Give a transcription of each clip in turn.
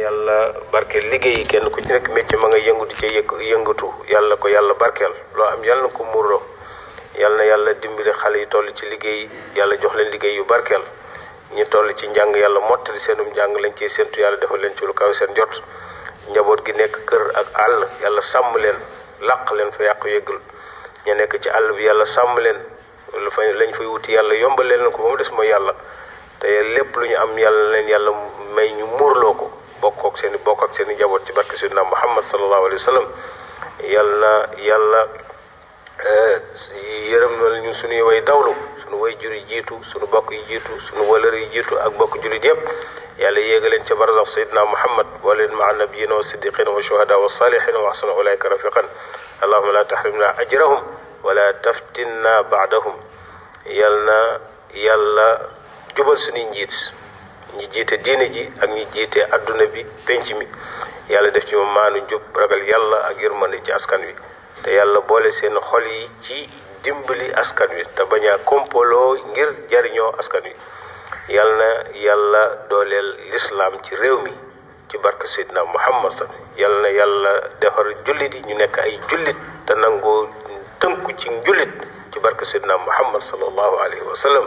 yàlla barkeel liggéey yi kenn ku ci nekk métier ma nga yëngu ci ca yëngatu yàlla ko yàlla barkeel loo am yàlla ko muurloo yàlla na yàlla dimbali xale yi toll ci liggéey yàlla jox leen liggéey yu barkeel ñu toll ci njàng yàlla mottali seenum njàng lañ ciy séntu yàlla defal leen ci lu kaw seen jot njaboot gi nekk kër ak àll yàlla sàmm leen làq leen fa yàqu yëggal ñu nekk ci àll bi yàlla sàmm leen lu fa lañ fay wuti yàlla yomba leen ko ba mu des mooy yàlla te am yàlla leen yàlla may ñu muurloo ko bokk ak seen i bokk ak seen i njaboot ci barke Seydina Muhammad sallallahu alayhi wa sallam yal na yàlla yërëm na eh, ñu suñuy way dawlu suñu way jur yi jiitu suñu bokk yi jiitu suñu walër yi jiitu ak bokk julit yépp yàlla yéegaleen ca barzax Seydina Muhammad waleen maa nabiyina wa siddiqina wa shuhada wa salihina wa ahsana ulaika rafiqan allahuma la tahrimna ajrahum wala taftinna baadahum yal na yàlla jubal suñuy njiit ñi jiite diine ji ak ñi jiite adduna bi penc mi yàlla def ci moom maanu jub ragal yàlla ak yërmande ci askan wi te yàlla boole seen xol yi ci dimbali askan wi te bañ a kompoloo ngir jariñoo askan wi yàlla yàlla dooleel lislaam ci réew mi ci barke Seydina Muhammad sa yàlla na yàlla defar jullit yi ñu nekk ay jullit te nangoo tënku ci njullit ci barke Seydina Muhammad sallallahu alayhi wa sallam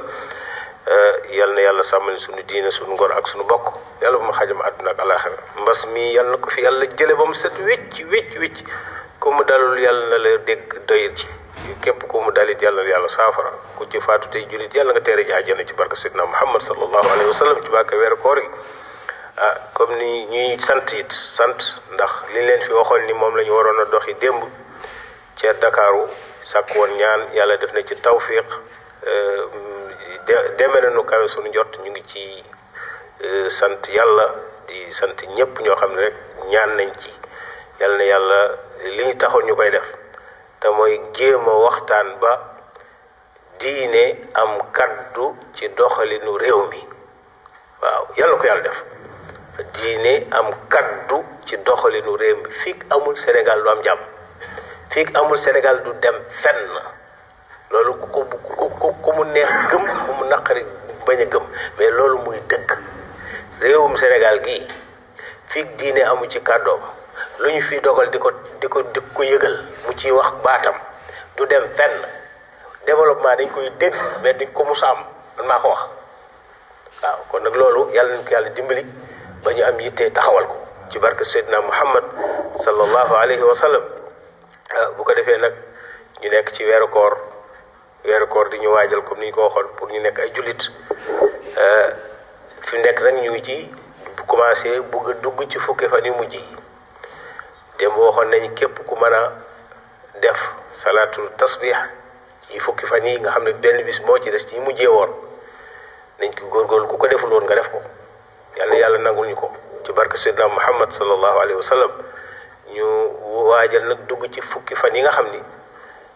Eh, yal na yàlla sàmmal suñu diine suñu ngor ak suñu bokk yàlla bu ma xajama àdduna ak alaaxira mbas mi yal na ko fi yàlla jële ba mu set wicc wicc wicc ku mu dalul yàlla na la dégg doyit ci képp ku mu dalit yàlla na yàlla saafara ku ci faatu tey jullit yàlla nga teere ji ci barka sidna muhammad sallallahu alayhi wa sallam ci bàkka weeru koor gi ah comme ni ñuy sant it sant ndax liñ leen fi waxoon ni moom la ñu waroon a doxi démb ca Dakaaru sàkk woon ñaan yàlla def na ci tawfiq eh, deme na nu kawe suñu jot ñu ngi ci euh, sant yàlla di sant ñëpp ñoo xam ne rek ñaan nañ ci yàlla yàlla li ñu taxoon ñu koy def te mooy jéem a waxtaan ba diine am kaddu ci doxalinu réew mi waaw yàlla yàlla def diine am kaddu ci doxalinu réew mi fii amul Sénégal du am jàmm fii amul Sénégal du dem fenn loolu ku ku ku mu neex gëm naqari bañ a gëm mais loolu muy dëkk réewum Sénégal gii fii diine amu ci kàddoom lu ñu fi dogal di ko di ko di ko yëgal mu ciy wax baatam du dem fenn développement dañ koy dégg mais ko musa am man ko wax waaw kon nag loolu yàlla nañ ko yàlla dimbali ba ñu am yittee taxawal ko ci barke Seydina Muhammad sallallahu alayhi wa sallam ah, bu ko defee nag ñu nekk ci weeru koor weeru koor di ñu waajal comme ni ñu ko waxoon pour ñu nekk ay jullit euh, fi nekk nag ñu ngi ci commencé bugg dugg ci fukki fan yu mujj yi démb waxoon nañ képp ku mën a def salaatul tasbih ci fukki fan yi nga xam ne benn bis moo ci des ci mujjee woon nañ ko góorgóorlu ku ko deful woon nga def ko yàlla yàlla nangul ñu ko ci barke Seydina Muhammad sallallahu alayhi wa sallam ñu waajal nag dugg ci fukki fan yi nga xam ni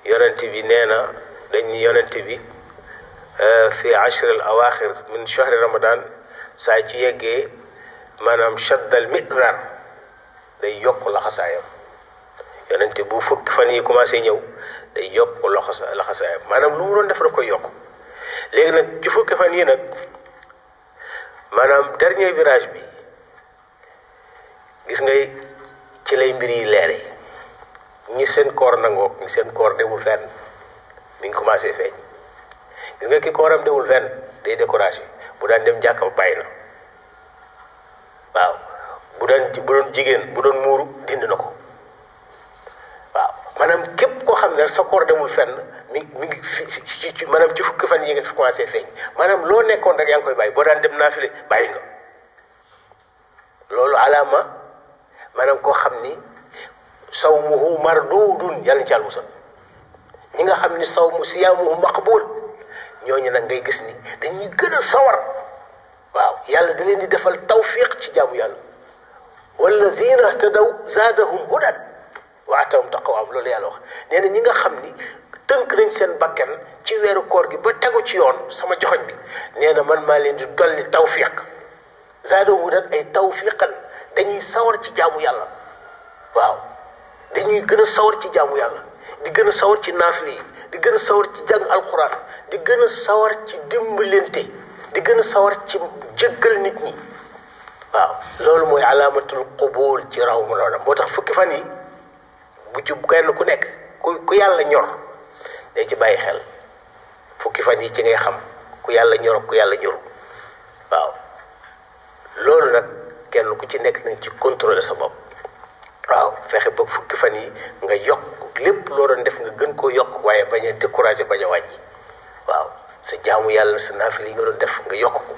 yonent bi nee na dañ ni yonent bi euh, fi ashri al awaaxir min shahri ramadan saa ci yeggee maanaam shaddal midrar day yokk laxasaayam yonent bu fukki fan yi commencé ñëw day yokk laxasa laxasaayam maanaam lu mu def da koy yokk léegi nag ci fukki fan yi nag maanaam dernier virage bi gis ngay ci lay mbir yi leere ñi seen koor nangoo ñi seen koor demul fenn mi ngi commencé feeñ gis ko ki kooram demul fenn day découragé bu daan dem jàkka bàyyi na waaw bu daan bu doon jigéen bu doon muuru dindi na ko waaw maanaam képp koo xam ne rek sa koor demul fenn mi mi ngi ci fukki fan yi nga fi commencé loo nekkoon rek yaa ngi boo daan dem naafile bàyyi nga loolu alaama koo xam ni sawmuhu mardudun yàlla na ci àll musal ñi nga xam ni saw mu siyaamuhu maqbul ñooñu nag ngay gis ni dañuy gën a sawar waaw yàlla da leen di defal tawfiq ci jaamu yàlla wallazina htadaw zaadahum hudan wa atahum taqwaam loolu yàlla wax nee na xam ni tënk nañ seen bakkan ci weeru koor gi ba tegu ci yoon sama joxoñ bi na man maa leen di dolli tawfiq zaadahum hudan ay tawfiqan dañuy sawar ci jaamu yàlla waaw dañuy gën a sawar ci jaamu yàlla di gën a sawar ci naafile yi di gën a sawar ci jàng alxuraan di gën a sawar ci dimbalante di gën a sawar ci jëggal nit ñi waaw loolu mooy alaamatul qubul ci raw mu loola moo tax fukki fan yi bu ci kenn ku nekk ku yàlla ñor day ci bàyyi xel fukki fan yi ci ngay xam ku yàlla ñor ku yàlla ñoru waaw loolu nag kenn ku ci nekk nañ ci contrôler sa bopp fexe ba fukki fan yi nga yokk lépp loo doon def nga gën koo yokk waaye bañ a découragé bañ a wàññi waaw sa jaamu yàlla sa naafil yi nga doon def nga yokk ko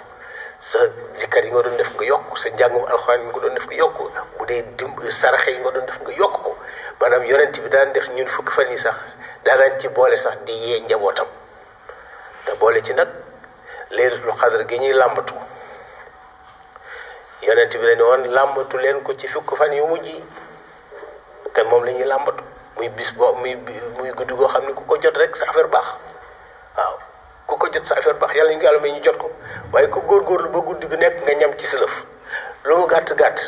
sa zikkar yi nga doon def nga yokk sa njàngum alxuraan yi nga doon def nga yokk bu dee dimb saraxe yi doon def nga yokk ko maanaam yonent bi daan def ñun fukki fan yi sax daanañ ci boole sax di yee njabootam te boole ci nag laylatul xadar gi ñuy làmbatu yonent bi dañu woon làmbatu leen ko ci fukki fan yu mujj yi te moom la ñuy làmbatu muy bis boo muy muy guddi goo xam ne ku ko jot rek sa affaire baax waaw ku ko jot sa affaire baax yàlla ñu yàlla may ñu jot ko waaye ku góorgóorlu ba guddi gu nekk nga ñam ci sa lëf lu mu gàtt gàtt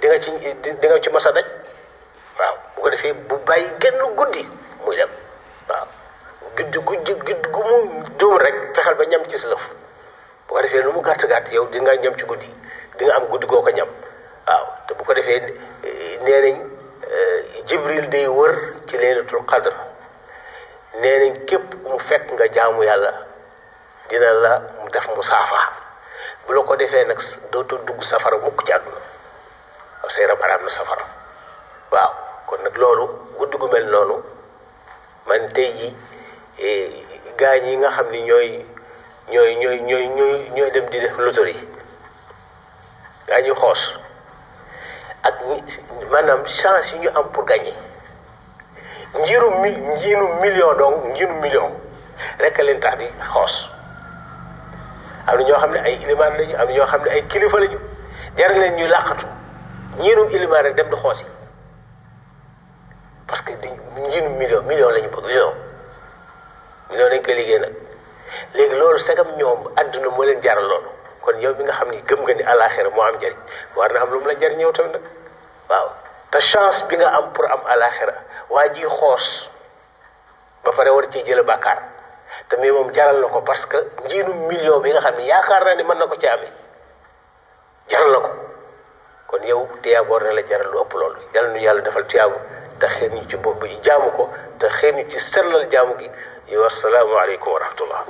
di nga ci di nga daj waaw bu defee bu bàyyi genn guddi muy dem waaw guddi guddi guddi gu mu dóom rek fexeel ba ñam ci sa lëf bu ko defee lu mu gàtt gàtt yow di nga ñam ci guddi di am guddi goo ko ñam waaw te bu ko defee nee nañ jibril day wër ci laylatul qadr nee nañ képp mu fekk nga jaamu yàlla dina la mu def mu saafaa bu la ko defee nag dootoo dugg safara mukk ci àdduna aw say rab na safara waaw kon nag loolu guddi gu mel noonu man te ji e, gaañ yi nga xam ni ñooy ñooy ñooy ñooy ñooy dem di def loterie gaa ñu xoos ak maanaam chance yi ñu am pour gagner njiiru mi million donc njiinu million rek leen tax di xoos am na ñoo xam ne ay ilimaan lañu am ñoo xam ne ay kilifa lañu jaral leen ñuy làqatu njiinum ilimaan rek dem di xoos yi parce que di njiinu million million lañu bëgg million million dañ koy liggéey nag léegi loolu sagam ñoom àdduna moo leen jaral loolu kon yow bi nga xam ni gëm nga ni alaxira moo am njëriñ war la jëriñ yow tamit waaw te chance bi nga am pour am alaxira waa ji xoos ba pare war ciy jële bàkkaar te mais moom jaral na ko parce que njiinu million bi nga xam ni yaakaar naa ni mën na ko ci amee jaral na ko kon yow tiyaaboor na la jaral lu ëpp loolu yàlla nu yàlla defal tiyaabu te xëy ñu ci bopp yi jaamu ko te xëy ñu ci sellal jaamu gi yow asalaamaaleykum wa rahmatullah